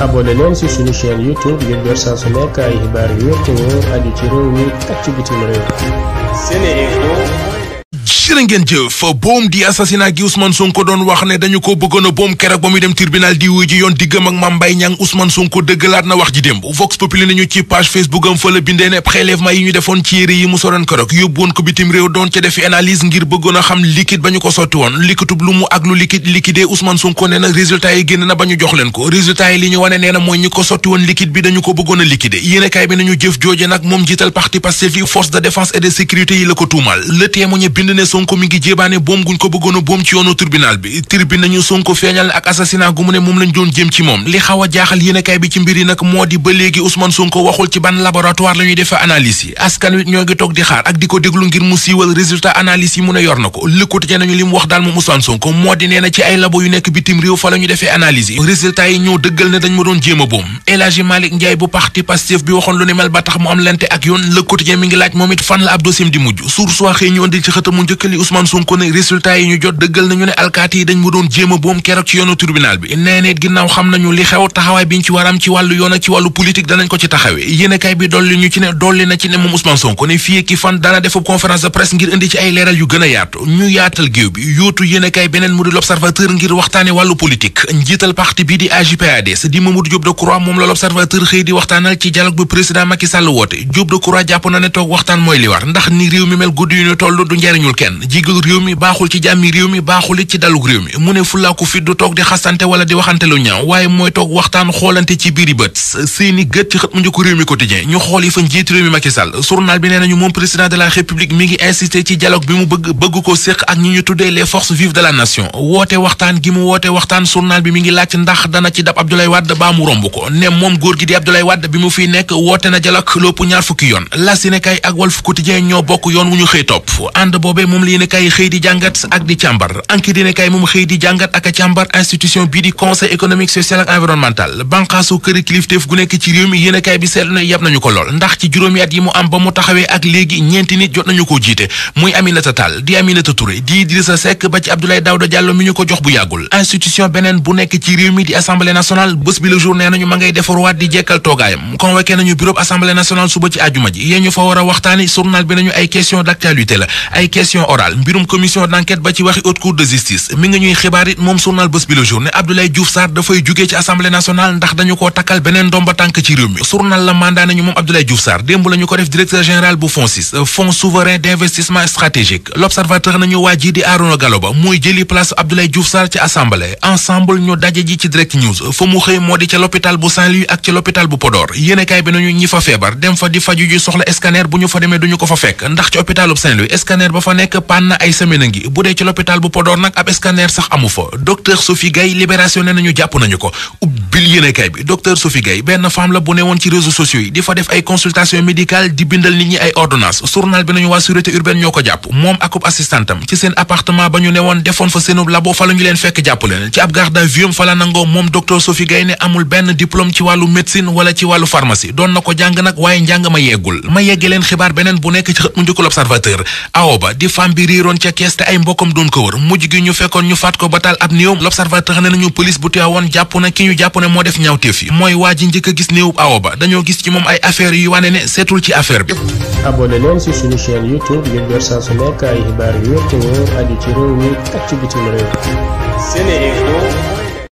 abonné leen ci suñu chaîne YouTube ngir jot saa su nekk ay xibaar yu wér te ci réew mi ak ci bitim réew jërë ngeen jëf boom di assassinat gi Ousmane Sonko doon wax ne dañu ko bëggoon a boom keroog ba muy dem tribunal di wuy yoon diggam ak Mame Mbaye Niang Ousmane Sonko dëggalaat na wax ji démb Vox Populi nañu ci page Facebook fa la bindee ne prélèvement yi ñu defoon ci yére yi mu soroon keroog yóbbu woon ko bitim réew doon ca defi analyse ngir bëggoon a xam liquide ba ñu ko sotti woon liquide lu mu ak lu liquide liquidé Ousmane Sonko nee résultat yi a liquidé yéenekaay bi nañu jëf jooje nag moom jiital parti Pastef yi force de défense et Sonko mi ngi jéebaane boom guñ ko bëggoon a boom ci yoonu tribunal bi tribune nañu Sonko feeñal ak assassinat gu mu ne moom lañ doon jëm ci moom li xaw a jaaxal yéenekaay bi ci mbir yi nag moo di ba léegi Ousmane Sonko waxul ci ban laboratoire la ñuy defee analyse yi askan wi ñoo ngi toog di xaar ak di ko déglu ngir mu siiwal résultat analyse yi mu ne yor na ko lëkkute nañu li mu wax daal moom Ousmane Sonko moo di nee na ci ay labo yu nekk bitim réew fa la ñu defee analyse yi résultat yi ñoo dëggal ne dañ ma doon jéem a boom El Hadji Malick Ndiaye bu parti Pastef bi waxoon lu ne mel ba tax mu am lente ak yoon lëkkute mi ngi laaj moom it fan la ab dossier di mujj li Ousmane Sonko ne résultat yi ñu jot dëggal nañu ne alkaati yi dañ mu doon jéem a boom keroog ci yoonu tribunal bi nee neet ginnaaw xam nañu li xew taxawaay biñ ci waram ci wàllu yoon ak ci wàllu politique danañ ko ci taxawee yéenekaay bi dolli ñu ci ne dolli na ci ne moom Ousmane Sonko ne fii ki fan dana defub conférence de presse ngir indi ci ay leeral yu gën a yaatu ñu yaatal géew bi yootu yéenekaay beneen mu di l'observateur ngir waxtaane wàllu politique njiital bi di AJ/PADS di Mamadou Diop Decroix moom la l'observateur xëy di waxtaanal ci dialogue na ne toog waxtaan mooy li war ndax ni réew mi mel guddi yu ñu toll du njariñul naan jigalu réew mi baaxul ci jàmmi réew mi baaxul ci dalug réew mi mu ne fulla ko du toog di xasante wala di waxante lu ñaaw waaye mooy toog waxtaan xoolante ci biiri bët seeni gët ci xët mu njëkk réew mi quotidien ñu xool yi fa njiit réew mi Macky Sall journal bi nee nañu moom président de la république mi ngi insisté ci dialogue bi mu bëgg ko séq ak ñi ñu tuddee les forces vives de la nation woote waxtaan gi mu woote waxtaan journal bi mi ngi laaj la yéen a kaay xëy di jàngat ak di càmbar enquête yéen moom xëy di jàngat ak càmbar institution bii di conseil économique social environnemental banqaasu kër kilifteef gu nekk ci réew mi yéen bi seetlu na yab nañu ko lool ndax ci juróomi at yi mu am ba mu taxawee ak léegi ñeenti nit jot nañu ko jiite muy Aminata Tall di Aminata Touré di Idrissa Seck ba ci Abdoulaye Daouda Diallo mi ñu ko jox bu yàggul institution beneen bu nekk ci réew oral mbirum commission d'enquête ba ci waxi haute cour de justice mi ngi ñuy xibaar it moom journal bés bi la journée Abdoulaye Diouf dafay jugee ci assemblée nationale ndax dañu koo takkal beneen ndomba tànk ci réew mi journal la mandat nañu moom Abdoulaye Diouf démb la ko def directeur général bu FONSIS fonds souverain d'investissement stratégique l'observateur nañu waa di Arona Gallo Ba mooy jëli place Abdoulaye Diouf ca l'hôpital bu daanaka na ay semaine ngi bu dee ci l'hôpital bu Podor nag ab scanner sax amu fa docteur Sophie Gaye libération ne nañu jàpp nañu ko pile yéenekaay bi docteur Sophie Gaye benn femme la bu ne woon ci réseaux sociaux yi di fa def ay consultation médicale di bindal nit ñi ay ordonnance journal bi nañu waa sûreté urbaine ñoo ko jàpp moom akub assistantam ci seen appartement ba ñu ne woon defoon fa seenub labo fa la leen fekk jàpp leen ci ab garde à fa la nangoo moom docteur Sophie Gaye ne amul benn diplôme ci wàllu médecine wala ci wàllu pharmacie doon na ko jàng nag waaye njàng moo def ñaawteef yi mooy waa ji njëkk a gis néewub awo ba dañoo gis ci moom ay affaires yu wane ne seetul ci affaire bi. abonné leen ci suñu chaîne YouTube ngir jot saa su nekk ay xibaar yu wér te wóor aju ci réew mi ak ci bitim réew.